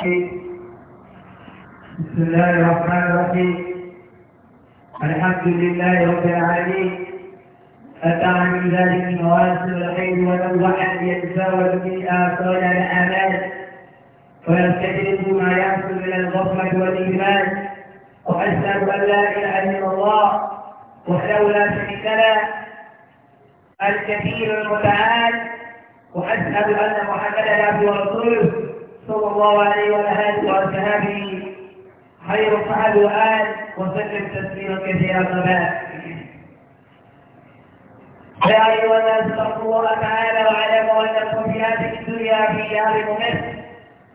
بسم الله الرحمن الرحيم الحمد لله رب العالمين أتى من ذلك مواسم الخير ونوعا يتزاوج في آثار الأعمال ويستدرك ما يحصل من الغفلة والإيمان وأشهد أن لا إله إلا الله وحده لا شريك له الكثير المتعال وأشهد أن محمدا عبده ورسوله صلى الله عليه وعلى آله وأصحابه خير الصحابة والآل وسلم تسليما كثيرا ما بعد يا أيها الناس اتقوا الله تعالى واعلموا أنكم في هذه الدنيا في دار ممس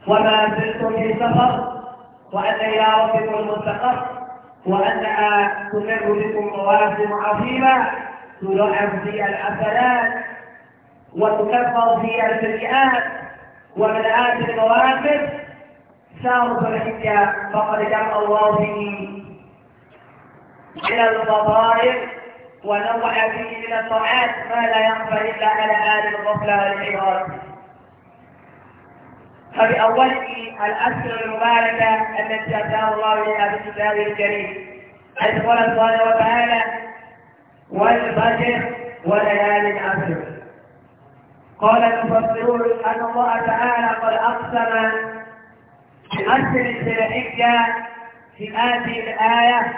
وما زلتم في سفر وأن إلى ربكم المستقر وأنها تمر بكم مواسم عظيمة تلعب في الحسنات وتكفر في السيئات ومن آت ساروا سارف الحجة فقد جمع الله به من الفضائل ونوع فيه من الطاعات ما لا ينفع إلا على آل الغفلة والعبادة فبأوله الأسر المباركة التي أتاه الله بها في كتابه الكريم حيث الله سبحانه وتعالى والفجر وليالي العصر قال المفسرون أن الله تعالى قد أقسم بأسر الشرعية في هذه الآية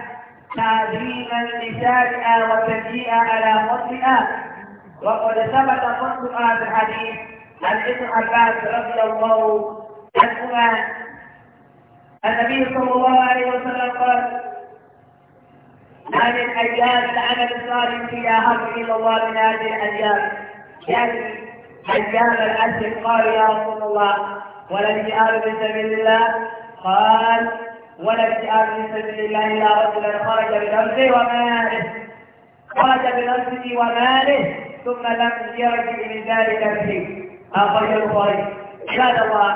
تعظيما لسابئة وتجيئا على قتلها وقد ثبت هذا آه الحديث عن ابن عباس رضي الله عنهما النبي صلى الله عليه وسلم قال هذه الأيام لعمل صالح فيها حق إلى الله من هذه الأيام يعني حجام الأسد قال يا رسول الله ولم اجتهاد في سبيل الله قال ولم اجتهاد في سبيل الله إلا رجلا خرج بنفسه وماله خرج بنفسه وماله ثم لم يرجع من ذلك به أخرجه البخاري عباد الله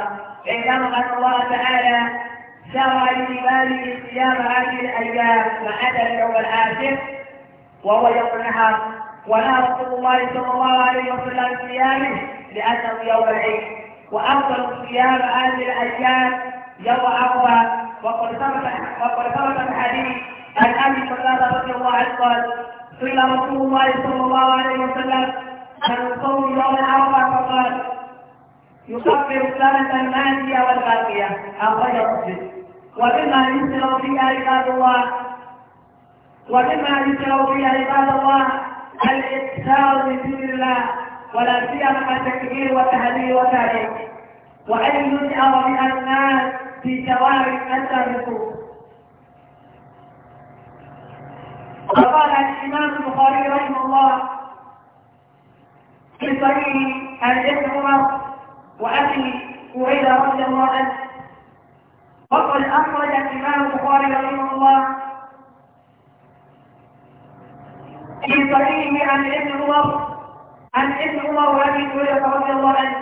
اعلموا أن الله تعالى شرع لجباله صيام هذه الأيام ما أتى يوم العاشر وهو يوم النحر ولا رسول الله صلى الله عليه وسلم صيامه لأنه يوم العيد وأفضل صيام هذه الأيام يوم عرفة وقد ثبت وقد ثبت الحديث عن أبي قتادة رضي الله عنه قال سئل رسول الله صلى الله عليه وسلم عن صوم يوم عرفة فقال يكفر سنة الماضية والباقية أخرجه مسلم ومما يسر فيها عباد الله ومما يسر فيها عباد الله الاكثار بدون الله ولا سيما التكبير والتهليل والتعليم وان يجعل من الناس في شوارع التهلكوا وقال الامام البخاري رحمه الله في صحيح عن ابن عمر وابي هريره رضي الله عنه وقد اخرج الامام البخاري رحمه الله في صحيح عن ابن عمر عن ابن عمر ابي هريره رضي الله عنه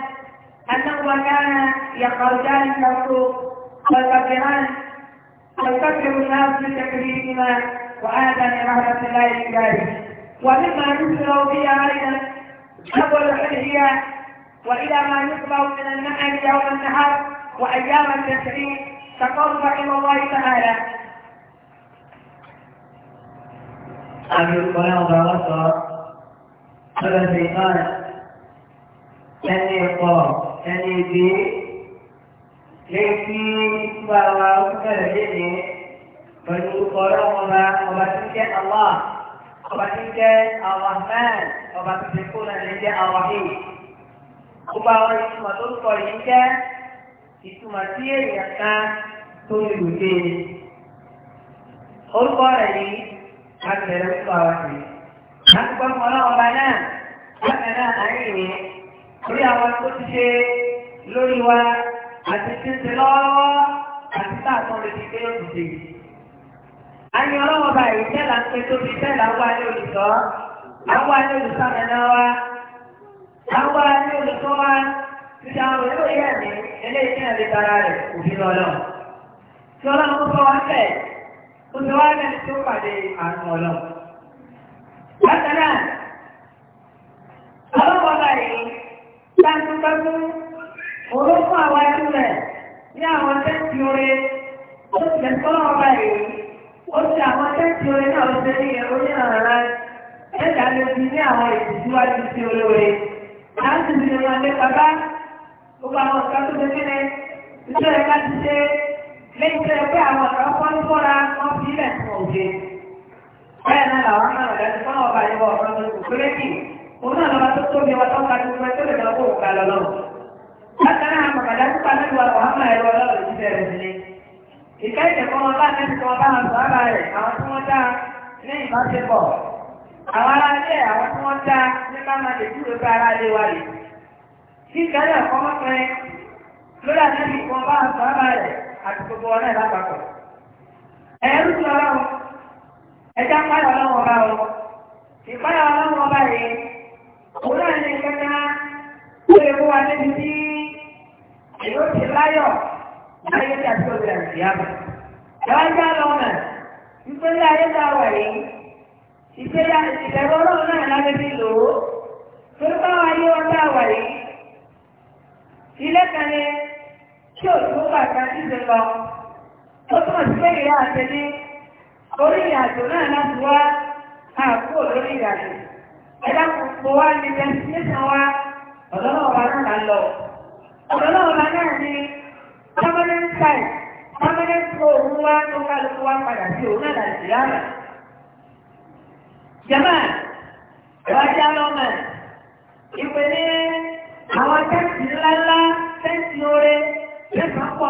انهما كان يخرجان السوق فيكبران فيكبر الناس بتكريمهما وهذا من رحمه الله بذلك ومما يكثر به علينا اول الحليه والى ما يكبر من النحل يوم النهار وايام التشريق تقرب رحمه الله تعالى àmì orúkọ náà bá wọ́n sọ lọ́dọ̀ sí náà ẹni ẹ̀kọ́ ẹni ìdí létí nípa wa bẹ̀rẹ̀ léde pẹ̀lú orúkọ náà ọba ọba tí ń jẹ́ Allah ọba tí Orúkọ rẹ̀ yìí akẹ́rẹ́ ń pa wá sí. Àtúgbọ́ mọ ọlọ́run ọba náà bákan náà àárín ìyẹn orí àwọn tó ti ṣe lórí wa àti títí lọ́wọ́ àti táàtọ́ lè ti gbé òṣìṣẹ́ yìí. Àyìn ọlọ́run ọba yìí tẹ́lá ń pe tóbi tẹ́lá wá ní olùsọ́, àwa ní olùsọ́ àmẹ́ná wa, àwa ní olùsọ́ wa ti àwọn olóyè ẹ̀mí eléyìí tí lè tara rẹ̀ òfin lọ́lọ́. Tí ọlọ́run kọ́ wa fẹ́ẹ̀ tó ti wá lẹ́ni tó pàdé àrùn ọ̀lọ́. Bákan náà, ọlọ́pọ̀lá yìí dájúdájú orókún àwọn ẹrú rẹ̀ ní àwọn tẹ́tì orí ó ti lè tọ́lọ́ ọba yìí ó ti àwọn tẹ́tì orí náà ó ti rí ẹ̀rọ ní àrà ẹ̀dá ló ti ní àwọn ìdíjúwájú sí olóore. Láti fi ìrìn àlẹ́ bàbá gbogbo àwọn ọ̀sán tó ti kéde iṣẹ́ rẹ̀ láti ṣe é. lẹ́yìn tó yẹ pé àwọn ọ̀rọ̀ wọn ń bọ́ra fi ilẹ̀ tó náà làwọn náà rẹ̀ ọba ọ̀rọ̀ tó kù òun náà tó tóbi wọn tó ń ka tó tó lè lọ kó ìka wọn àti gbogbo ọ̀nà ẹ̀ lápapọ̀. ẹ̀rú ti ọlọ́run ẹja páyà ọlọ́run ọba o ìpáyà ọlọ́run ọba yìí òun náà ní kẹta ó lè mú wa níbi tí èrò ti láyọ̀ láyé tí a ti ọ̀gbìn àti ìyáàbò. ìyáwó ẹja lọ́wọ́ náà nítorí ayé tá a wà yìí ìgbéra ìbẹ̀rù ọlọ́run náà lábẹ́ bí lò ó torí báwa yé wọn tá a wà yìí ilé kan ní tí ò tó bàtà síse lọ ó túnmọ̀ sí pé ìyá àtẹ́lé orí ìrìnàjò náà láti wá àpò lórí ìrìnàjò ẹ̀dá gbogbo wa ní destination wa ọ̀dọ́lọ́wọ́ náà lọ ọ̀dọ́lọ́wọ́ náà náà ní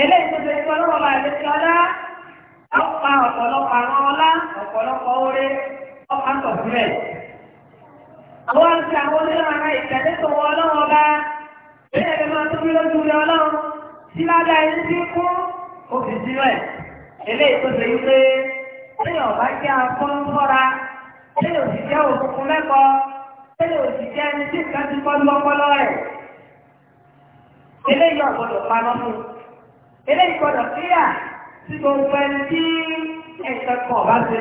ele tó ṣe kọ́ lọ́wọ́ bàjẹ́ ti ọlá ọ̀pá ọ̀pọ̀lọpọ̀ àwọn ọlá ọ̀pọ̀lọpọ̀ oore ọ̀pá tọ̀sílẹ̀. àwọn àti àwọn onílọ́wọ́ ara tó wọ ọlọ́wọ́ ọba bẹ́ẹ̀ lè máa tóbi lójú tí ẹni tí òfin sí rẹ̀. jẹ́ òkùnkùn ẹni tí eléyìí gbọdọ̀ síyà sí gbogbo ẹni tí ẹ̀sẹ̀ bá ti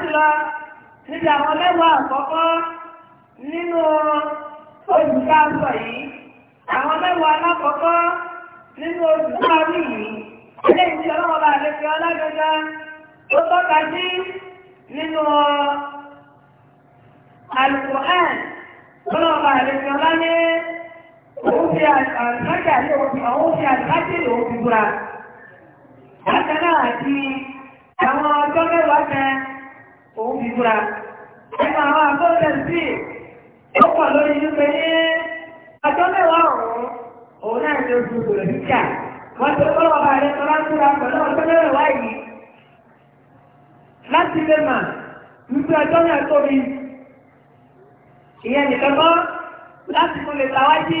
ti lọ níbi àwọn mẹ́wàá àkọ́kọ́ nínú oṣù tá yìí àwọn mẹ́wàá alákọ̀ọ́kọ́ nínú oṣù tá yìí eléyìí tí ọlọ́wọ́ bá lè fi ọlágbẹ́gbẹ́ tọ́ka sí nínú ọlọ́wọ́ bá lè fi òun àti àwọn ọjọ́ mẹ́wàá kan òun fi búra. Ẹnu àwọn àgbọ̀dẹ̀ sí ó pọ̀ lórí wípé ní ọjọ́ mẹ́wàá òun náà oṣù Wọ́n ti kọ́ ọba rẹ̀ tó bá pẹ̀lú ọjọ́ mẹ́wàá yìí. Láti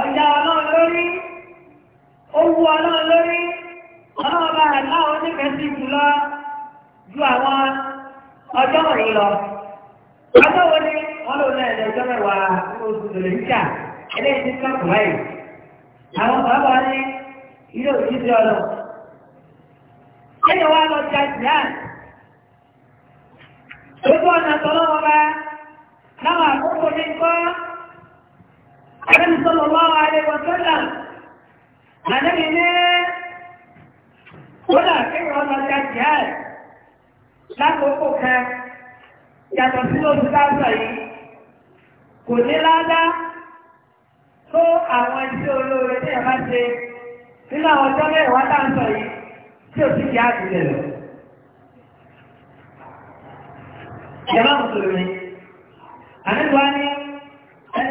ọjà náà lórí lórí ọjọ́ ọjọ́ náà ẹ̀dẹ̀ mẹ́wàá ní oṣù tòlè níjà eléyìí àwọn bàbá ní ilé òjì sí lọ sí àjìyá. ojú ọ̀nà tọ́lọ́wọ́ bá láwọn àkókò ní kọ́. Ànábì sallallahu alaihi wa sallam ànábì ní kódà kéwàá ọmọ ọjà jihad lákòókò kan yàtọ̀ sí lóṣù yìí kò ní ládá tó àwọn iṣẹ́ olóore tí ẹ̀ bá ṣe nínú àwọn ọjọ́ mẹ́wàá táǹtọ̀ yìí tí ò kí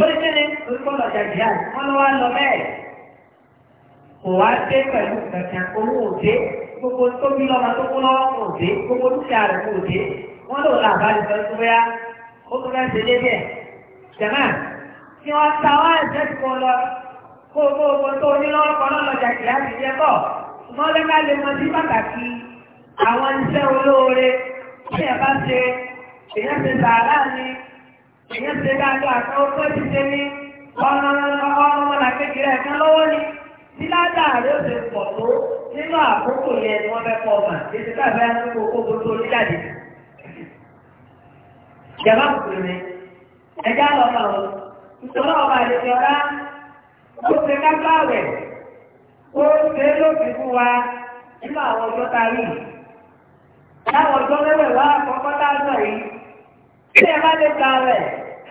lórí kí ni olùkọ́lọ̀ wọ́n lọ́wọ́ lọ bẹ́ẹ̀ kò wá dé pẹ̀lú kankan owó òde gbogbo tóbi lọ́mọ tó kú lọ́wọ́ kò dé gbogbo dúkìá rẹ̀ kò dé wọ́n lò lọ àbájọ tó bóyá ó tún fẹ́ ṣe débẹ̀ jẹ̀mọ́ kí wọ́n ta wá ẹ̀jẹ̀ kó lọ kó gbogbo tó ní lọ́wọ́ kan lọ́lọ́ jàdíà ti jẹ́ bọ̀ ṣùgbọ́n nye ṣe dáadáa kan ó ti ṣe ní ọmọlá kékeré ẹ̀kan lọ́wọ́ ni tí ládàá ó pọ̀ tó nínú àkókò yẹn ni wọ́n fẹ́ pọ̀ mà èsì káàbẹ́ àkókò kókó tó ìjàmbá kùkùrù ni ẹja lọ mà ó nítorí ọba àdèjì ọlá ó ṣe kápá ó ṣe fún wa nínú àwọn ọjọ́ ta rí láwọn ọjọ́ àkọ́kọ́ tá a sọ yìí tí ẹ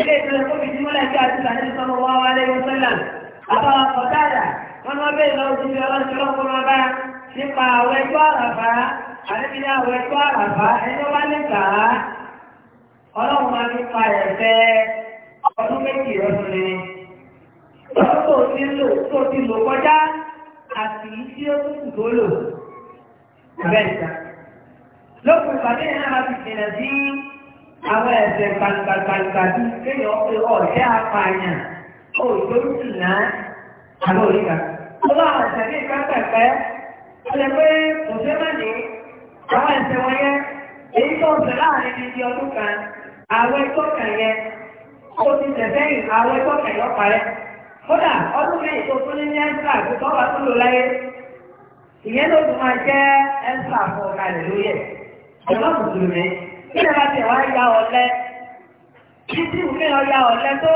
ilé ìtọ́jú kó fi símọ́lẹ̀ sí àti sàní sọ́mọ wá wá lẹ́yìn sọ́là àbá ọ̀kadà wọn máa bẹ́ẹ̀ lọ sí ọlọ́sí ọlọ́kùn máa bá nípa àwọn ẹjọ́ àràfá àti ní àwọn ẹjọ́ àràfá ẹjọ́ wá lè gbà á ọlọ́run máa fi pa ẹ̀fẹ́ ọdún méjì ọdún ni ọdún tó ti lò tó ti lò kọjá àti tí ó tún kù tó lò abẹ́ ìta lókùn náà máa fi jìnnà sí àwọn ẹ̀sẹ̀ gbangba-gbangba bí kéèyàn pé ọ̀rẹ́ apààyàn ó ìdórí sì náà àlọ́ òrìkà. ó bá àwọn ẹ̀sẹ̀ ní ìkápẹ̀pẹ́ ó lè pé kò sí má ní àwọn ẹ̀sẹ̀ wọn yẹ èyí tó ń sẹ̀ láàrin ibi ọdún kan àwọn ẹgbẹ́ kan yẹ ó ti tẹ̀sẹ́yìn àwọn ẹgbẹ́ kan yọ parẹ́. kódà ọdún mẹ́yìn tó tún ní ní ẹ́ńsà tó tọ́ wa tó lò láyé ìyẹn ló tún máa jẹ́ ẹ́ńsà fún ọ̀kalẹ̀ lóyè ọ̀dọ́ kí lè bá tiẹ̀ wá ya ọ̀lẹ títí ya tó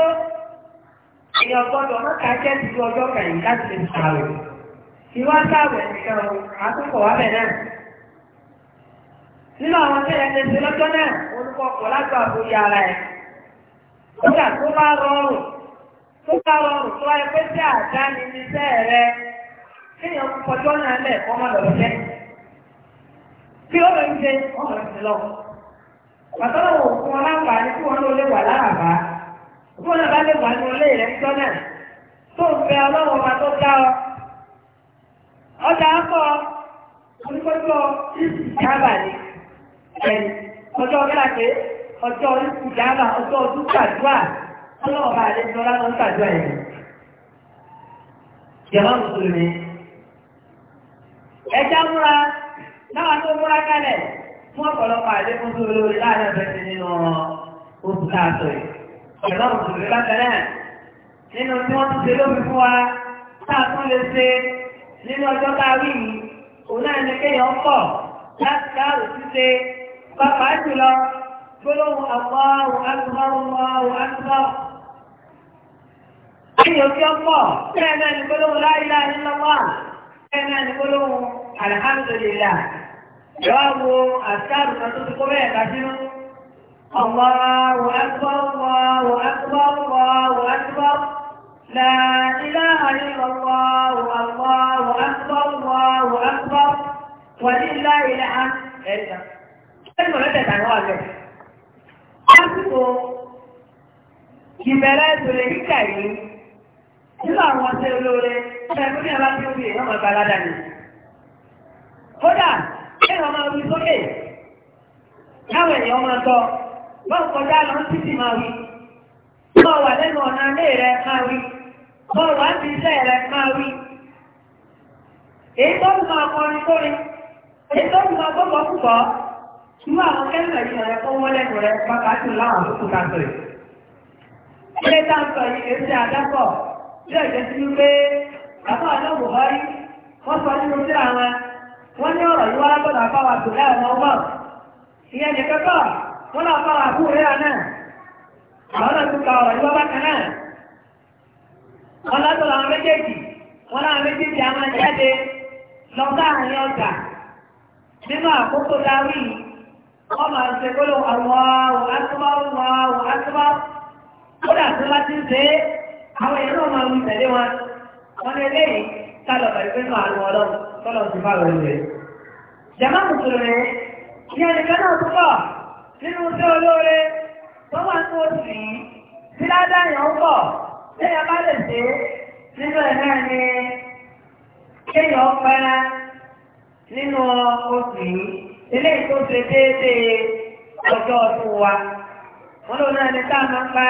èèyàn gbọ́dọ̀ mọ́ta jẹ́ ti ju ọjọ́ kẹyìn láti lè sàwẹ̀ ìwá sàwẹ̀ nìkan àkókò wà bẹ̀ nínú àwọn ṣe lọ́jọ́ náà olùkọ́ ara ẹ̀ kódà tó bá rọrùn tó bá rọrùn tó pé sí àdá iṣẹ́ rẹ náà lẹ̀ ó lè ṣe ìṣẹ̀lọ́wọ́. bàtọ́lọ̀ wò fún wọn láǹfààní tí wọ́n ló lè wà láàbá tí wọ́n náà bá lè wà ní ọlé rẹ̀ ńjọ́ náà tó ń fẹ́ ọlọ́wọ́ ọba tó dá ọ. ọjà akọ onígbọ́jọ́ ìsìkábà ni ọjọ́ kíláàpé ọjọ́ ọjọ́ ọdún gbàdúrà ọlọ́wọ́ ọba àlejò ọlá tó gbàdúrà yẹn. ẹja múra náà fún ọ̀pọ̀lọpọ̀ àdékùn tó lórí láàrin ọ̀bẹ̀sẹ̀ nínú oṣù káàtọ̀ yìí. ọ̀rọ̀ oṣù rẹ̀ bákan náà nínú tí wọ́n ti ṣe lómi fún wa táà tún lè ṣe nínú ọjọ́ káwí yìí òun náà ni kéèyàn pọ̀ láti dáàrò ṣíṣe pápá jùlọ gbólóhùn Allahu akbar Allahu akbar. kéèyàn kí ọ pọ̀ bẹ́ẹ̀ náà ni gbólóhùn la ilaha illallah bẹ́ẹ̀ náà ni جابوا أسكار فتذكر لكن الله أكبر الله أكبر الله أكبر لا إله إلا الله الله أكبر الله أكبر ولله الحمد إلا كلمة لا تتعلم أكبر ìbẹ̀rẹ̀ ìṣòro ìkà yìí nínú àwọn ọ̀sẹ̀ olóore ṣẹ́gun ní aláṣẹ́ òbí ìwọ̀n ọ̀gbà aládàáni kódà ẹ̀rọ máa wí sókè láwọn èèyàn máa tọ́ bọ́ọ̀ kọjá lọ títí máa wí bọ́ọ̀ wà lẹ́nu ọ̀nà ilé rẹ máa wí bọ́ọ̀ wà ní iṣẹ́ rẹ máa wí èyí tó ń máa kọrin èyí tó ń máa gbọ́gbọ́ púpọ̀ ṣùgbọ́n àwọn wọ́n lẹ́nu jù láwọn àkókò ilé a yìí kì í ṣe bí ọ̀jẹ̀ ti wọ́n ní ọ̀rọ̀ yìí wá látọ̀dọ̀ afáwà tó láì ọmọ ọmọ ìyẹn ní kẹ́kọ̀ọ́ wọ́n lọ afáwà kú rírà náà àwọn náà tún ka ọ̀rọ̀ yìí wá bákan náà wọ́n látọ̀dọ̀ àwọn méjèèjì wọ́n láwọn méjèèjì àwọn jáde lọ sáàrin ọjà nínú àkókò dáwì wọ́n máa ń ṣe gbọ́dọ̀ àwọn àwọn àtúbáwò àwọn àtúbáwò kódà tó bá ti ń ṣe é àwọn èèyàn náà máa ń tẹ̀lé wọn wọn ní eléyìí ká lọ bẹ̀rẹ̀ pé máa ọlọ́run tọ́lọ́ ti bá lọ rẹ̀ jàmá mùsùlùmí ní ẹnìkan náà púpọ̀ nínú tí olóore tó wà ní oṣù yìí tí ládáyàn ń pọ̀ lẹ́yìn bá lè ṣe nínú ẹ̀ náà ni kéèyàn pẹ́ nínú oṣù yìí ilé ìkó ṣe déédéé ọjọ́ ọdún wa wọn lòun náà ní táà máa ń pa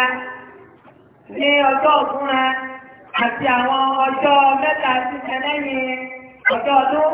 ní ọjọ́ ọ̀gbúnra àti àwọn ọjọ́ mẹ́ta sí ẹlẹ́yìn ọjọ́ ọdún.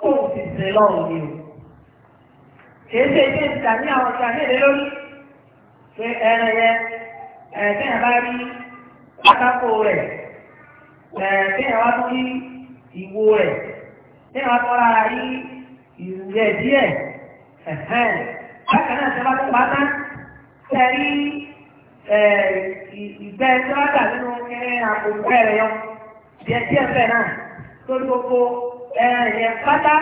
kó o sì sin lọ́rùn ni o. kìí ṣe ilé ìta ní àwọn ọjà nílé lórí pé ẹran yẹ ẹ̀ẹ́dẹ́yà bá rí pátákó rẹ̀ ẹ̀ẹ́dẹ́yà wá tún rí ìwo rẹ̀ ẹ̀ẹ́dẹ́yà wá tún rárá rí ìrùyẹ díẹ̀ ẹ̀hẹ́n bákan náà ṣe bá tún pátá tẹ̀rí ìgbẹ́ tí wọ́n dà nínú kẹrin àpò ìgbẹ́ rẹ̀ yọ díẹ̀ díẹ̀ bẹ́ẹ̀ náà tó ní gbogbo ẹ̀yẹ pátá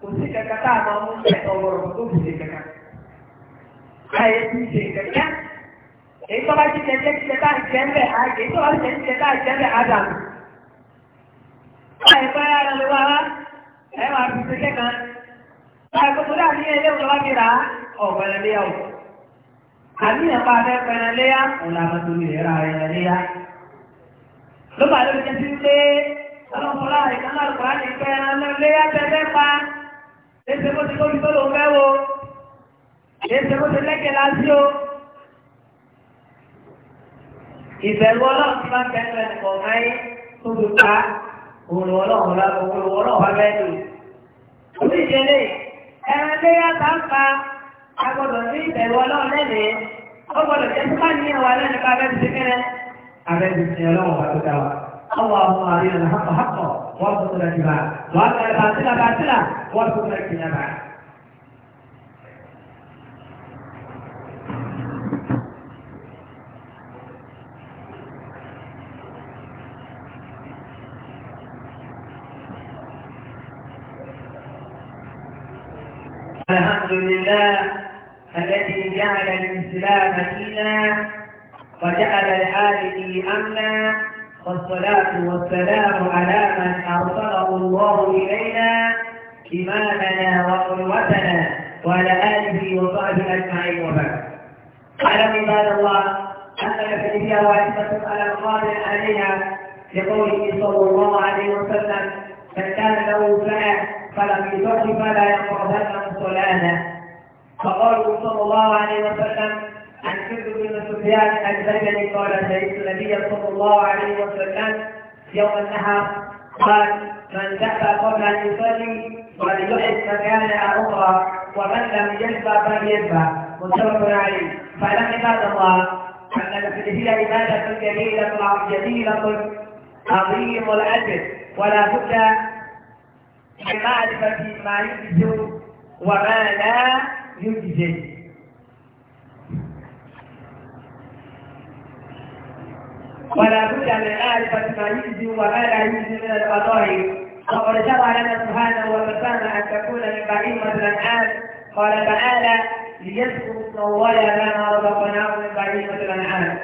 kò sí kẹ̀kẹ́ tá a máa mú ṣe ọ̀rọ̀ tó fi ṣe kẹ̀kẹ́. Ayé ti ṣe kẹ̀kẹ́. Èyí tó bá ti kẹ̀kẹ́ ti kẹ̀kẹ́ àjẹ́mbẹ̀ àjẹ́ tó bá ti kẹ̀kẹ́ àjẹ́mbẹ̀ àdàmù. Ayé bá yára ló wá wá, ẹ máa fi ṣe kẹ́kẹ́. Ayé kò tó dà ní ilé ìwé wájú rà ọ̀pẹ̀rẹ̀ léyà o. Àbí ẹ̀pá abẹ́ pẹ̀rẹ̀ léyà, ọ̀làmọ̀tò lè ra ẹ̀rẹ̀ léyà. Ló bá ló ọlọ́mọlá ìkànnà àgbà ní pẹ́ ẹranlẹ́lẹ́ abẹ́fẹ́ pa léṣe bó ti kó ní tóló fẹ́ wo léṣe bó ti lẹ́kẹ̀ lásì o. ìbẹ̀rù ọlọ́run ti máa ń bẹ̀rù ẹnì kọ̀ọ̀kan yín tó fi pa òun ọlọ́run lábọ̀ òun ọlọ́run wá bẹ́ẹ̀ lò. oníṣẹ́lẹ̀ ẹranlẹ́lẹ́ àtà ń pa agbọ́dọ̀ ní ìbẹ̀rù ọlọ́run lẹ́nìí ọgbọ́dọ̀ jẹ́ tó bá اللهم أرنا الحق حقا وارزقنا اتباعه وأرنا الباطل باطلا وارزقنا اجتنابه الحمد لله الذي جعل الإسلام دينا وجعل الحاله أمنا والصلاة والسلام على من أرسله الله إلينا إمامنا وقدوتنا وعلى آله وصحبه أجمعين وبعد أعلم عباد الله أن الحديث واجبة على القادر عليها لقوله صلى الله عليه وسلم من كان له سنة فلم يصلي فلا يقعدن صلاته فقال صلى الله عليه وسلم عن حب بن سفيان البجلي قال سمعت النبي صلى الله عليه وسلم يوم النهر قال من دفع قبل ان يصلي فليحب مكانها اخرى ومن لم يشفى فليشفى متفق عليه فلم عباد الله ان هي عبادة جميلة جميلة عظيم الاجر ولا بد من معرفة ما يجزي وما لا يجزي ولا بد من معرفة ما يجزي وما لا يجزي من القضاء وقد شرع لنا سبحانه وتعالى أن تكون من بعيد مثل الأنعام قال تعالى ليذكروا اسم ما رزقناه من بعيد مثل الأنعام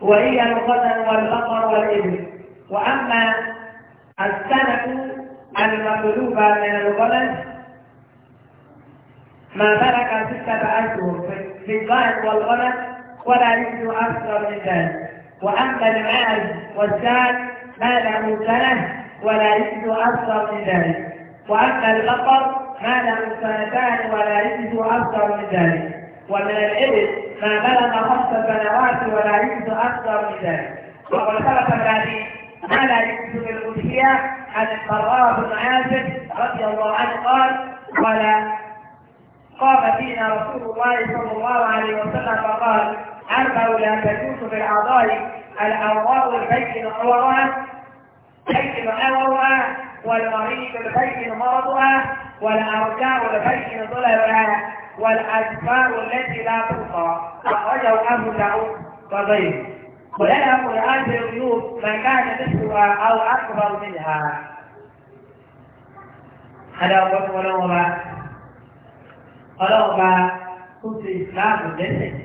وهي الغنم والبقر والإبل وأما السنة المطلوبة من الغنم ما ملك ستة أشهر في الغنم والغنم ولا يجد أكثر من ذلك وأما المال والزاد ما له سنة ولا يجد أكثر من ذلك وأما البقر ما له سنتان ولا يجد أكثر من ذلك ومن الإبل ما بلغ خمس سنوات ولا يجد أكثر من ذلك وقد خلق الذي ما لا يجد بالألوهية عن البراء بن عازب رضي الله عنه قال قال قام فينا رسول الله صلى الله عليه وسلم فقال أربع لا تجوز في الأعضاء الأوراق البين عورها بين عورها والمريض البين مرضها والأرجاء البين ظلمها والأسفار التي لا تبقى أخرجه أبو داود وغيره ولها قرآن الغيوب ما كان مثلها أو أكبر منها هذا هو قول ولوما ولوما كنت إسلام لذلك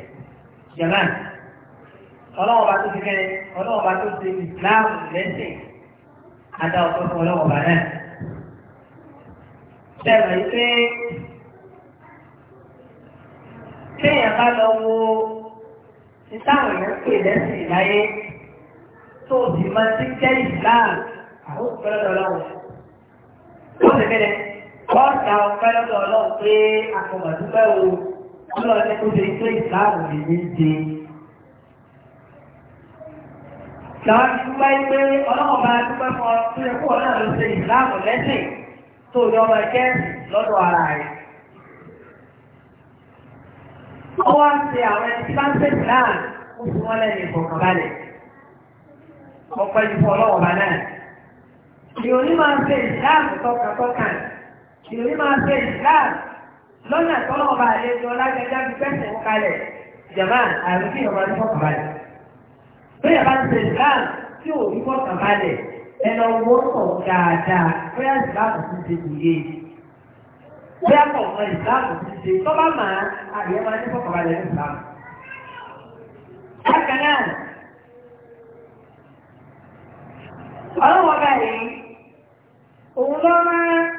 jẹ̀mán ọlọ́wọ́ bá tó ti kẹ́ ọlọ́wọ́ bá tó ti ìsìláàmù lẹ́sìn adá ọ̀tọ́ fún ọlọ́wọ́ bá náà. Bẹ́ẹ̀ ni pé kéèyàn bá lọ wo ìtàwọn èèyàn pè lẹ́sìn láyé tó sì máa ti jẹ́ ìsìláàmù àwọn òpẹ́lẹ́ ọlọ́wọ́. Ó sì bẹ̀rẹ̀ bọ́ọ̀sà òpẹ́lẹ́ ọlọ́wọ́ pé àkọ́mọ̀dúpẹ́ o ọlọ́run ní kó ṣe iṣẹ́ ìsìláàmù tó ṣe ìsìláàmù lẹ́sìn tó yọ ọmọ ẹgbẹ́ lọ́dọ̀ ara rẹ̀. Ó wá ń ṣe àwọn ẹni tí bá ń ṣe ìsìláàmù ó fi wọ́n lẹ́nu ìfọ̀kànbalẹ̀. Ọ̀pọ̀ ìfọ̀ ọlọ́run bá náà. Ìròyìn máa ń ṣe ìsìláàmù tọkàntọkàn. Ìròyìn máa ń ṣe lọ́nà tọ́lọ́ ọba àlejò ọlágbẹ́já fi pẹ́sẹ̀ ń kalẹ̀ jàmá àrùn tí ìyọ̀mọ̀ ní bóyá bá ti ṣe ìsìláàmù tí ò ní fọ́kànbalẹ̀ ẹnà owó kọ̀ dáadáa bóyá ìsìláàmù ti ṣe kùyé. bóyá kọ̀ mọ ìsìláàmù ti ṣe tó bá mà á àbíyẹ́mọ̀ ní ní ìsìláàmù. bákan náà ọlọ́wọ́ báyìí òun lọ́ máa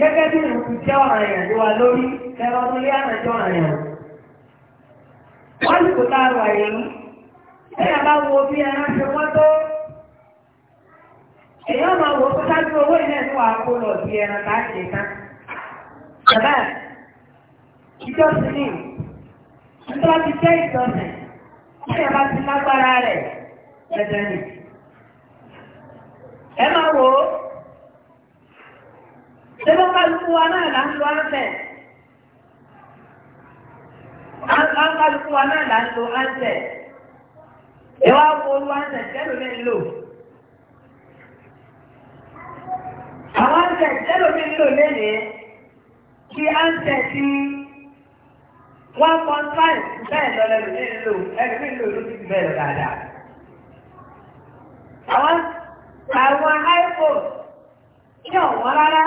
gẹ́gẹ́ bí ìrùkù jẹ́ ọ̀ràn èèyàn lé wa lórí ẹ̀rọ ọdún lé ànàjọ́ ọ̀ràn èèyàn. wọ́n sì kò tá a wà yìí ẹ̀yà bá wo bí ẹran ṣe wọ́n tó èèyàn máa wò ó sáájú owó ilé ẹ̀sìn kó lọ bí ẹran tá a ṣe tán. bàbá ìjọsìn ni nítorí ti jẹ́ ìjọsìn ẹ̀yà bá ti lágbára rẹ̀ ẹ̀dẹ̀ ni. ẹ máa wò Tẹ́lẹ̀ kálukú wa náà là ń lo áńtẹ̀. Kálukú wa náà là ń lo áńtẹ̀. Ẹ wá wo olú áńtẹ̀ tẹ́lẹ̀ mi ń lò. Àwọn áńtẹ̀ tẹ́lẹ̀ mi ń lò lẹ́yìn kí áńtẹ̀ ti one point five bẹ́ẹ̀ lọ lẹ́nu mi ń lò ẹ̀rù mi ń lò dáadáa. Àwọn àwọn iPhone ní ọ̀wọ́n rárá.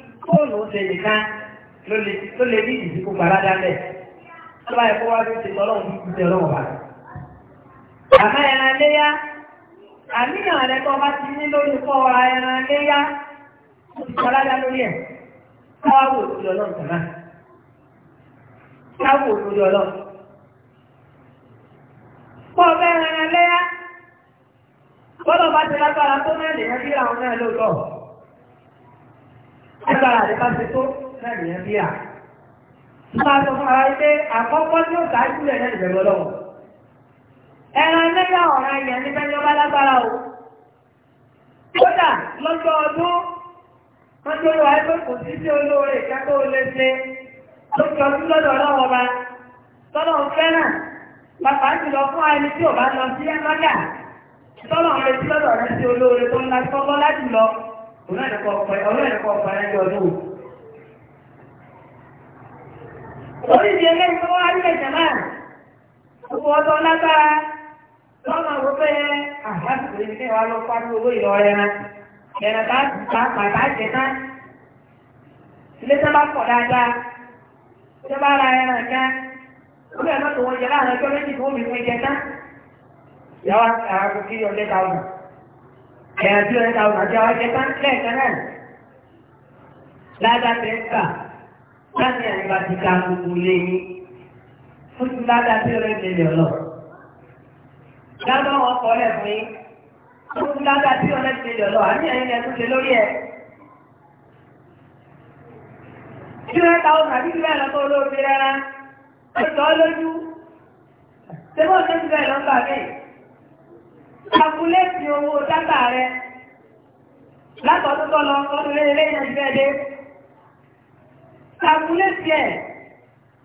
fóònù ṣe nìkan ló lè ní ìdìbò gbàládà bẹ́ẹ̀ tó bá wá bí ti tọ́lọ́ òun ti tẹ̀ bá. àmọ́ ẹran àníyàn tó bá ti ní lórí ẹran ó ti lórí ẹ̀ ọlọ́run tẹ̀lá ọlọ́run. ẹran bọ́lọ̀ bá ti lágbára tó Ẹgbàrà àti pàṣẹ tó náà nìyẹn bí à. Máa sọ fún ara pé àkọ́kọ́ tí ó dájú lẹ̀ náà ìbẹ̀rù ọlọ́wọ́. Ẹran lẹ́yà ọ̀ràn yẹn ní fẹ́ ní ọba lágbára o. Kódà lọ́jọ́ ọdún, wọ́n tó lọ ẹgbẹ́ kò sí sí olóore ìkẹ́kọ̀ọ́ olóṣè. Ó jọ sí lọ́dọ̀ ọlọ́wọ́ ọba. Tọ́lọ́ fẹ́ràn pàpà jùlọ fún ẹni tí ò bá lọ sí ẹgbọ́jà tọ́lọ̀ rẹ̀ sí lọ́dọ̀ rẹ̀ sí olóore tó ń la sọ́gbọ́n láti ọlọ́ẹ̀dẹ́kọ̀ ọ̀pọ̀ ẹjọ́ ọdún. Oríṣi eléyìí tó wá nílẹ̀ jẹ̀má, gbogbo ọdún lágbára, lọ́mọ wo pé àbáṣepọ̀ ní kí wàá lọ parí owó ìlọ ẹran, ẹran bá pàtà jẹ tán. Ilé tó bá pọ̀ kan, ó bẹ̀rẹ̀ mọ́tò wọn jẹ láàrin ọjọ́ méjì tó wọ́n mi fún ẹjẹ tán. Ìyá wa àgbòkiri ọ̀dẹ́ta ọ̀nà ẹ̀yàn tí wọ́n ta ọ̀nà tí wọ́n jẹ kan náà ládàtẹ̀ ń kà láti ẹ̀yìn bá ti ka gbogbo lé yín fún ti ládàtẹ̀ rẹ̀ mílíọ̀n lọ. Dábọ̀ wọn kọ́ lẹ̀ fún yín fún ti ládàtẹ̀ rẹ̀ mílíọ̀n lọ àbí ẹ̀yìn ẹ̀ tún ṣe lórí ẹ̀. Tí wọ́n ta ọ̀nà àbí bẹ́ẹ̀ lọ́kọ́ olóògbé rárá, ó tọ́ lójú. Ṣé bọ́ọ̀ Kàkúlẹ́tì eh? eh? owó dátà rẹ̀ látọ̀dún tó lọ ọdún lélẹ́lẹ́ ìrìnàjẹ́dẹ́. Kàkúlẹ́tì ẹ̀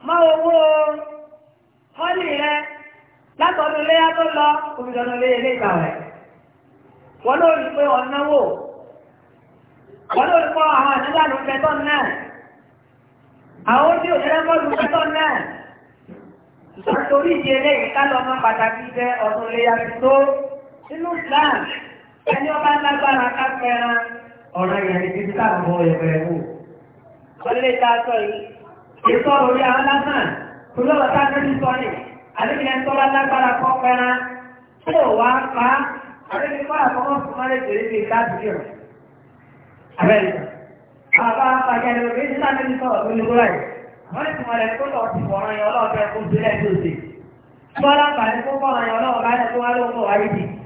mọ́ owó mọ́lì rẹ̀ látọ̀dún léyá tó lọ òmìnirọ̀nà lélẹ́lẹ́ ìgbà rẹ̀. Wọ́n ló rí pé ọ̀náwó. Wọ́n ló rí pọ́ àwọn àdúgbà ló fẹ́ tọ́ náà. Àwọn tí ò jẹ́rẹ́ mọ́lù fẹ́ tọ́ náà. Nítorí ìdí eléyìí ká lọ mọ́ pàtàkì jẹ́ ọdún léyá tó nínú Islam ẹni ọba lágbára kápẹ́ran ọ̀rọ̀ yẹn ní bíbí káàbọ̀ ẹ̀fẹ̀ wò. ọlẹ́ ta sọ yìí ètò ọ̀rọ̀ orí àwọn lásán tó lọ́wọ́ tá a fẹ́ sọ ni àdébìyẹn tọ́lá lágbára kọ́ pẹ́ran tí ò wá pa àdébìyẹn kọ́ àkọ́kọ́ fún mọ́lẹ̀ tèrè ní ìdájọ́ rẹ̀. abẹ́rẹ́ bàbá pàjáde òbí ní sáà níbi sọ̀rọ̀ tó ní kúrò yìí wọ́n ti mọ̀ rẹ̀ kó lọ́ọ̀ ti wọ̀ràn tó ṣe. bọ́lá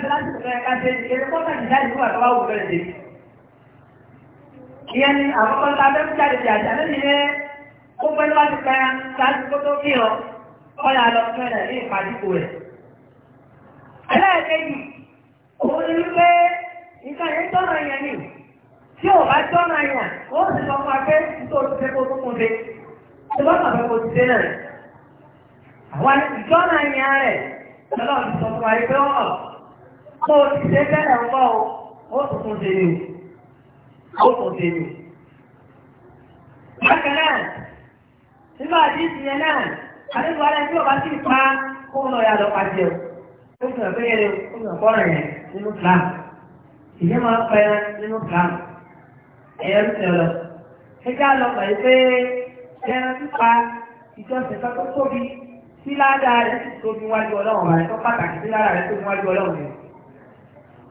ṣe láti fẹ́ ká ṣe ìṣẹ́lẹ̀ kọ́tà ìjà ìlú àtọwà wù bẹ̀rẹ̀ dé. Ìyẹn ni àkọ́kọ́ ta bẹ́ẹ̀ jáde ti àjà lẹ́nu yẹn ó pẹ́ láti pẹ́ láti kó tó kí ọ ọ̀yà lọ fún ẹ̀rẹ̀ ní ìpàdíkò rẹ̀. Ẹlẹ́ẹ̀kejì, òun ni wípé nǹkan tọ́nà yẹn ni tí ò bá tọ́nà yẹn ó sì sọ fún akẹ́ nítorí pé kó tó kún dé. Ṣé wọ́n sàbẹ̀ tó o ti ṣe ó tuntun ṣe ni ó tún ṣe ni. bákan náà nínú àdíṣe yẹn náà àdéhùn alẹ́ tí o sì pa kó lọ yà lọ pàṣẹ o ó sàn pé yẹn ó sàn fọ́ọ̀rọ̀ yẹn nínú plan ìyẹn máa ń pẹ́ nínú plan ẹ̀yẹ́ ń tẹ̀ lọ. ẹjẹ́ àlọ́ pẹ̀lú pé ẹran pípa ìjọsìn kan tó tóbi sí ládàá rẹ̀ tó tóbi wájú ọlọ́run rẹ̀ tó pàtàkì sí ládàá rẹ̀ tó tóbi wájú ọlọ́run rẹ̀.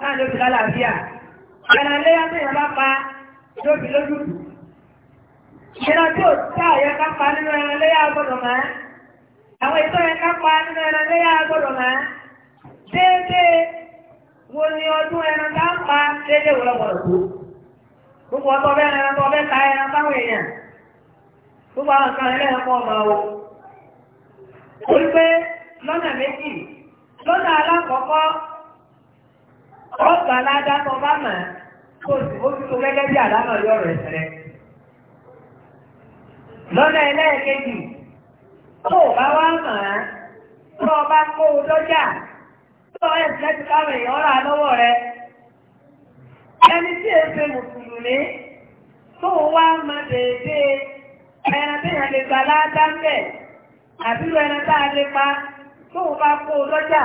náà ló fi lálàáfíà ẹ̀rọ ẹlẹ́yà tó yẹ pa ló fi lójú tù tí ó tí àyẹ ká pa nínú ẹ̀rọ ẹlẹ́yà gbọ́dọ̀ mọ́ àwọn ìtọ́ yẹ ká pa nínú gbọ́dọ̀ mọ́ wo ni ọdún ẹran tá ń pa déédéé wọ́n gbogbo ọtọ bẹ́ẹ̀ ẹran ta ẹran èèyàn gbogbo àwọn kan o lọ́nà méjì lọ́nà alákọ̀ọ́kọ́ ọgbà ládàkọ bá mà kó gẹ́gẹ́ bí àdámọ̀ yọ̀rọ̀ ìṣẹ̀lẹ̀. lọ́nà ẹlẹ́ẹ̀kejì tó bá wá mà á tó bá kó o lọ́jà tó o ti káwọn rẹ. tí e tó wá mà tí bá kó o lọ́jà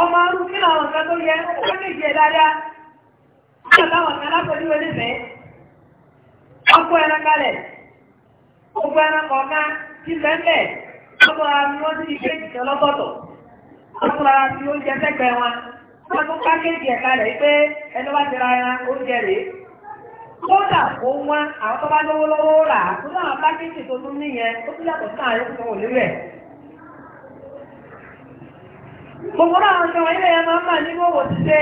ọmọ ọdún kí làwọn kan tó yẹ ó méjì ẹ̀ dáadáa kí àtàwọn kan lápẹ̀lú onífẹ̀ẹ́ ọkọ̀ ẹran kalẹ̀ gbogbo ẹran ti wọ́n ti ṣe lọ́gọ́tọ̀ oúnjẹ wọn wọ́n tún pákéjì pé ẹni wá oúnjẹ rèé kódà àwọn tó bá lówó rà á náà pákéjì tó tún níyẹn ó tún yàtọ̀ gbogbo náà ṣe wọ́n ilẹ̀ ẹ̀mọ́ máa ní wọ́wọ́ ṣíṣe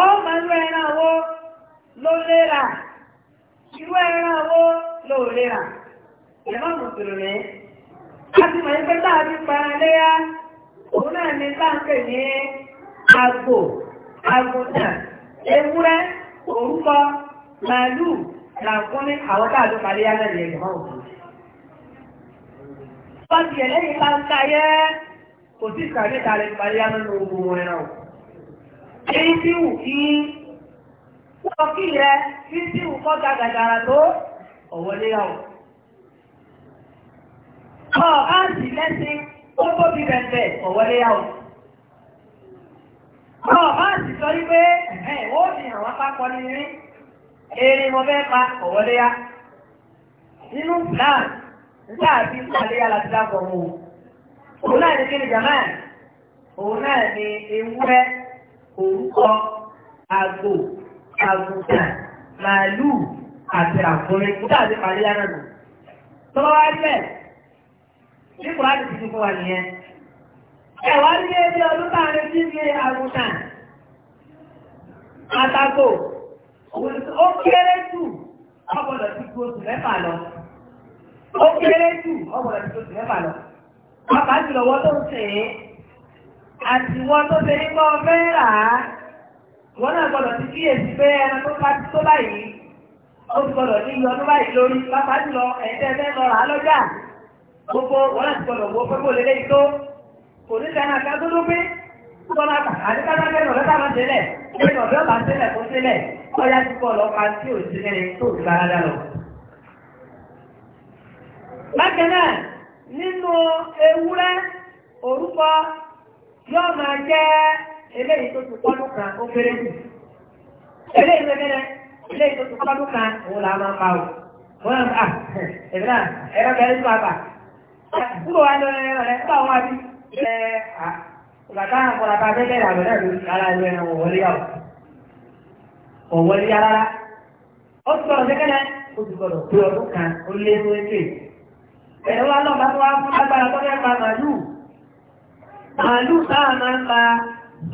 ọmọ irú ẹran wo ló lérà irú ẹran ló lérà ẹ̀mọ́ mùsùlùmí láti mọ̀ ẹgbẹ́ tá a fi para léyà òun náà ní ní ewúrẹ́ orúkọ màálù àwọn a náà ní ẹ̀mọ́ kò sí ìkà mẹ́ta lè parí lánàá ogun wọn ẹran o. èyí tí wù kí wọ́n kí rẹ tí tí wù kọ́ gàgàgàrà tó ọ̀wọ́ léyà o. ọ̀ áǹtì lẹ́sìn ó tóbi bẹ̀bẹ̀ ọ̀wọ́ léyà o. ọ̀ áǹtì sọ wípé ẹ̀ ó fi wá pápọ̀ ní rí mo fẹ́ pa ọ̀wọ́ léyà. nínú plan nígbà tí ìpàdé yàrá ti dábọ̀ mọ́ o. òun náà ní kí ni òun náà ní ewúrẹ́ orúkọ àgbò àgùntàn màálù àti àkùnrin kó dàbí parí lára nù tọ́wọ́ wá bẹ̀ ní kùránì ti fún wa nìyẹn ní ebi ọdún tá a lè fi fi ó kéré jù ti gbóòtù lọ ó kéré jù pàápàá jùlọ wọ́n tó ń tẹ̀ ẹ́ àti wọ́n tó ṣe nígbà ọ̀fẹ́ rà á wọ́n náà gbọ́dọ̀ ti kíyèsí pé ẹran tó bá tó báyìí ó ti gbọ́dọ̀ ní ìyọnú báyìí lórí pàápàá jùlọ ẹ̀ẹ́dẹ́ fẹ́ lọ rà á lọ́jà gbogbo wọ́n náà ti gbọ́dọ̀ wo pé kò lè léyìí tó kò ní sẹ́yìn àti agbódó pé kọ́nà àdékájá fẹ́ lọ́dọ́ táwọn sílẹ̀ pé lọ́dọ́ bá sílẹ̀ kó sílẹ̀ ọ̀yá ti kọ́ lọ́ka tí ò nínú ewúrẹ́ orúkọ yóò máa jẹ́ eléyìí tó ti kan ó kéré jù eléyìí tó eléyìí tó ti kan òun là máa pa o wọ́n yàn ah, ẹ̀rọ ẹ̀rọ tó kúrò wá lọ ẹ̀rọ rẹ̀ ẹ̀ bá bẹ́ẹ̀ rà lọ́dẹ̀ lórí ẹ̀rọ ẹ̀rọ wọlé yà wọlé yà rárá ó ti ó ti ẹ̀rọ wá lọ́pàá tó wá fún lágbára tó fẹ́ pa màálù màálù táà máa ń pa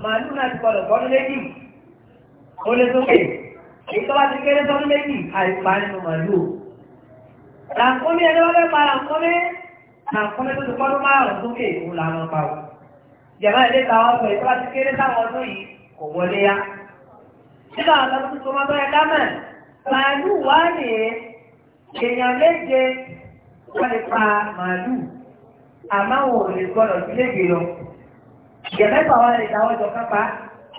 màálù náà ti gbọdọ̀ tọ́dún méjì ó lé sókè èyí tó bá ti kéré tọ́dún méjì àìpa nínú màálù làǹkómi ẹni wọ́n fẹ́ pa làǹkómi làǹkómi tó ti gbọdọ̀ márùn sókè òun làwọn pa ò jẹ̀má ilé ta ọkọ̀ èyí kéré ya nígbà àwọn ọ̀dọ́ tuntun wọn bẹ́ẹ̀ dámẹ̀ màálù wá nìyẹn èèyàn méje wọ́n lè pa màálù àmọ́ wọn ò lè gbọ́dọ̀ sí léègbè lọ. ìyẹn mẹ́fà wa lè dáwọ́ jọ kápá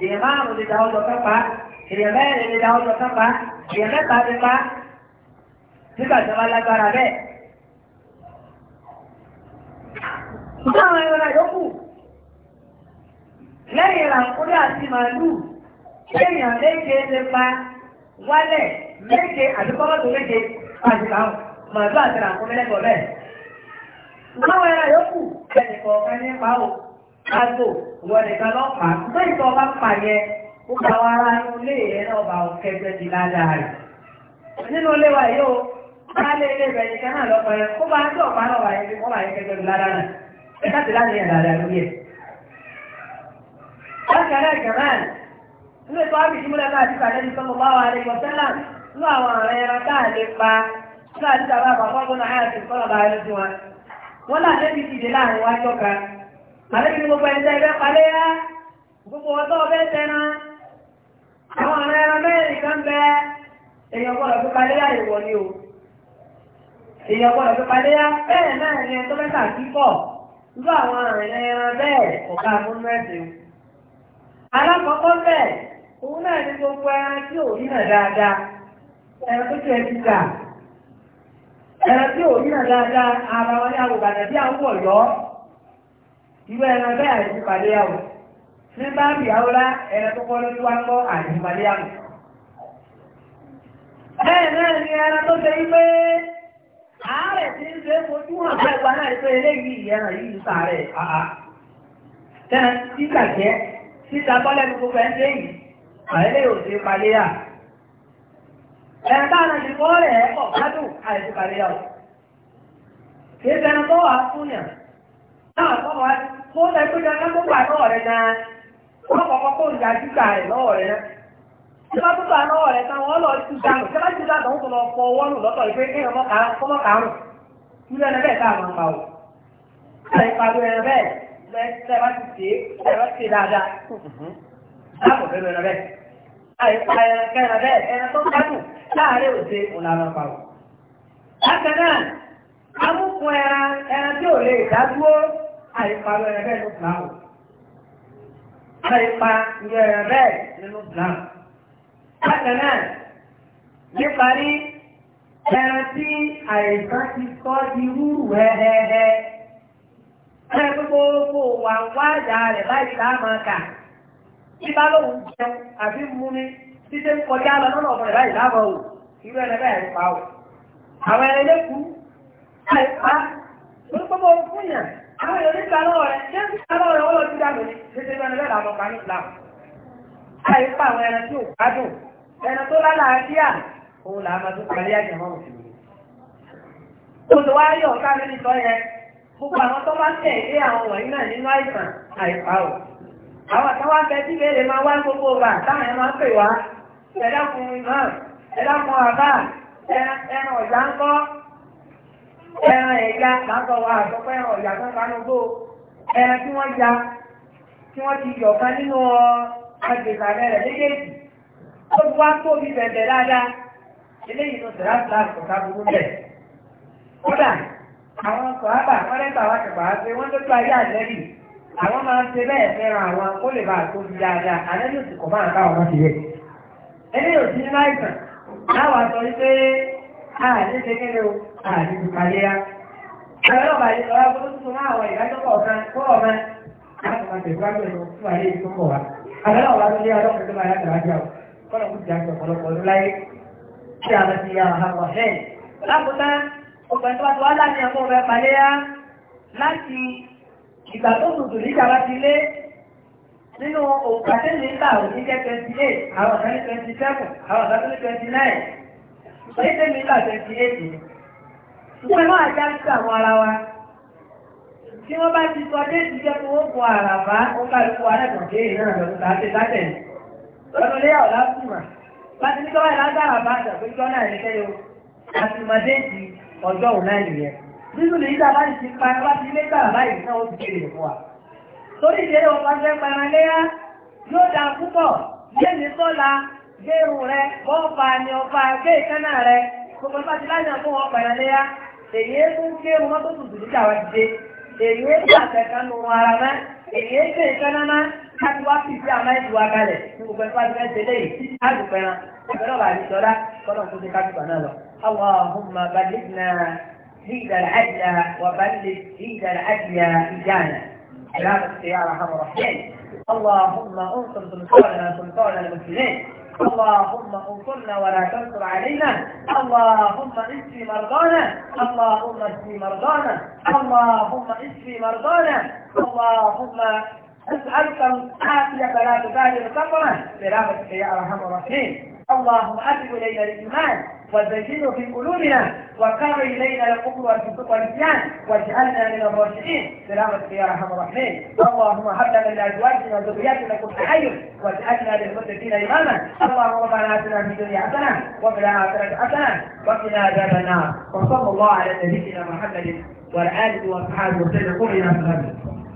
ìyẹn márùn lè dáwọ́ jọ kápá ìyẹn mẹ́rin lè dáwọ́ jọ kápá ìyẹn mẹ́ta lè pa nígbà tí wọ́n lágbára bẹ́ẹ̀. ṣùgbọ́n àwọn ẹran yòókù lẹ́yìn ìrànkúrẹ́ àti màálù kéèyàn méje lè pa wálẹ̀ méje àdúgbò mọ́tò méje pàṣípàá màálù àti ràkúnmí lẹ́kọ̀ọ́ bẹ́ẹ̀. Báwo ẹran yòókù ẹnì kọ̀ọ̀kan ní pa o, kágbò, ìwọ nìkan lọ pa. Ṣé ìtọ́ bá pa yẹn, ó gba wa ara inú ilé yẹn náà bá kẹgbẹ́ di ládàá rẹ̀. Nínú ilé wa yìí o, bá lé ilé náà lọ ó bá náà bí wọ́n kẹgbẹ́ di ládàá rẹ̀. Ẹ káàtì láti nígbà tí bàbá bàbá ọgbọ́n àyàtì kọ́lọ̀ bá yẹn fún wa wọ́n náà lẹ́bi dìde láàrin wa jọ Ma àlẹ́bi gbogbo ẹ̀ńtẹ́ ẹgbẹ́ gbogbo ọzọ bẹ èèyàn gbọ́dọ̀ fi palẹ́ ya ni o èèyàn gbọ́dọ̀ fi palẹ́ na ẹran bẹ́ẹ̀ ọ̀gá amúnúẹ̀sìn alákọ̀ọ́kọ́ bẹ́ẹ̀ òun náà ni gbogbo ẹran ẹran tí ò yíyan dáadáa ara wọn ní àwòbàdàn bí àwọn ọ̀yọ́ ìwé ẹran bẹ́ẹ̀ àìsí pàdé ní báàbì àwòrán ẹran tó kọ́ lórí wa ń kọ́ àìsí pàdé àwò. bẹ́ẹ̀ náà ni ẹran tó ṣe wípé ń ṣe fojú hàn náà pé eléyìí yìí àá. tẹ́lẹ̀ títà jẹ́ gbogbo ẹ̀ ń ẹ̀ka àràjìnkọ́ rẹ̀ ẹ̀kọ́ gbádùn àìsíkàlẹ̀ ọ̀. kìí sẹ́nu tó wà fún yàn náà kọ́ wá kó lẹ́ pé jẹ́ kó gbà rẹ̀ náà wọ́n kọ́kọ́ kó rẹ̀ lọ́wọ́ rẹ̀ náà. bẹ́ẹ̀ láàárẹ̀ òṣè ọ̀làrà pàwọ̀. Bákan náà, amúkun ẹran ẹran tí ò lè dádúró àìparọ̀ ẹran bẹ́ẹ̀ ló bùnáwò. Àìpa ìyọ ẹran bẹ́ẹ̀ nínú bùnáwò. Bákan náà, níparí ẹran tí àìsàn ti sọ di rúrù hẹ́hẹ́hẹ́. Ẹran gbogbo wà wá ìyá rẹ̀ báyìí láàmú ọkà. Bí lóun jẹun àbí mú mi títí kọjá lọ lọ́nà ọ̀bọ̀n ìbáyìí lábọ̀ o irú ẹ̀rẹ́ bẹ́ẹ̀ pa o. àwọn ẹ̀rẹ́ lẹ́kù àìpá tó gbogbo fún yàn àwọn èèyàn nígbà lọ́wọ́ rẹ̀ ṣé nígbà lọ́wọ́ rẹ̀ wọ́n lọ sí dàgbé ní títí bẹ́ẹ̀ bẹ́ẹ̀ làwọn ọ̀pá ní ìlànà. àìpá àwọn ẹran tí ò gbádùn ẹran tó lálàáfíà òun làá máa tún parí àjẹ mọ́ òṣèlú. olùwárí ọ̀ká mi nìkọ yẹn gbogbo àwọn tó bá tẹ̀ ilé àwọn wọ̀nyí náà nínú àìsàn àìpá o. àwọn àtàwọn abẹ tí ìbéèrè máa wá gbogbo wa táwọn ẹ̀ máa ń pè wá ẹ̀dàkùn imam ẹ̀dàkùn àbá ẹran ọ̀yà ń kọ́ ẹran ẹ̀yà kàńtọ̀ wa àtọ́pẹ́ ẹran ọ̀yà kan kanugbó ẹran tí wọ́n ya tí wọ́n ti yọ̀ kan nínú agbègbè rẹ̀ méjèèjì ó wá tóbi bẹ̀bẹ̀ dáadáa eléyìí ló sẹ̀rá fúláàsì kọ̀ọ̀ká burú bẹ̀. kódà àwọn sọ̀hábà wọ́n lẹ́tọ̀ àwọn àkàbà pé wọ́n tó tó ayé àjẹ́bì àwọn máa ń ṣe bẹ́ẹ̀ fẹ́ràn àwọn kó lè bá a tóbi dáadáa àlẹ́ yóò sì kọ̀ máa ń ká ọ̀nà ti rẹ̀. ẹni ò sí nínú àìsàn láwà sọ a ààrẹ ṣe o ààrẹ ya àwọn ọba kọ̀ọ̀kan kó ọmọ tẹ̀síwájú ẹ̀rọ fún tó lé tó máa yá kọ́nà ọ̀pọ̀lọpọ̀ ọdún láyé a lọ sí àwọn ọ̀hẹ́ lákòótá ọ̀pẹ̀ tó ya láti ìgbà tó nínú òkàtẹ́lẹ̀ nígbà òní jẹ́ twenty eight àwọn ọ̀sán ní 27, seven àwọn ọ̀sán ní 29 nine ṣùgbọ́n ìṣe mi nígbà twenty eight ni. ṣùgbọ́n náà ajá ń sàwọn ara wa tí wọ́n bá ti sọ déètì jẹ́ kó wọ́n bu àràbá ó ká lóko arẹ́gbọ̀nké náà lọ́dún tá a ṣe látẹ̀ ní. lé ọ̀la kùmà láti ní kọ́wé bá àgbàgbéjọ́ náà ní sẹ́yọ àtìmọ́déètì ọjọ́ torí ìṣeré ọba jẹ́ pẹranléyá yóò dáa púpọ̀ lẹ́ni sọ́la gbèrú rẹ bọ́ọ̀fà ni ọba gbé ìkánná rẹ gbogbo ẹgbẹ́ ti láyàn fún wọn pẹranléyá èyí ń gbèrú mọ́tò tuntun níta wá dìde èyí ń pàṣẹ kánú ara mẹ́ èyí ń gbé ìkánná mẹ́ káti wá fìdí àmọ́ ìlú wa kalẹ̀ ní gbogbo ẹgbẹ́ العدل وبلغ عيد العدل إيانا علامة السيارة عمر الحين اللهم انصر سلطاننا سلطان المسلمين اللهم انصرنا ولا تنصر علينا اللهم اشفي مرضانا اللهم اشفي مرضانا اللهم اشفي مرضانا اللهم اسألك العافية فلا تبالغ سفرا برحمتك يا أرحم الراحمين اللهم أبد إلينا الإيمان وزينه في قلوبنا وكر إلينا الكفر والفسوق والإسلام واجعلنا من الراشدين سلامة يا أرحم الراحمين اللهم هب لنا من أزواجنا وذرياتنا كل حي واجعلنا للمتقين إماما اللهم ربنا آتنا في الدنيا حسنة وفي الآخرة حسنة وقنا عذاب النار وصلى الله على نبينا محمد وعلى آله وأصحابه وسلم قولنا في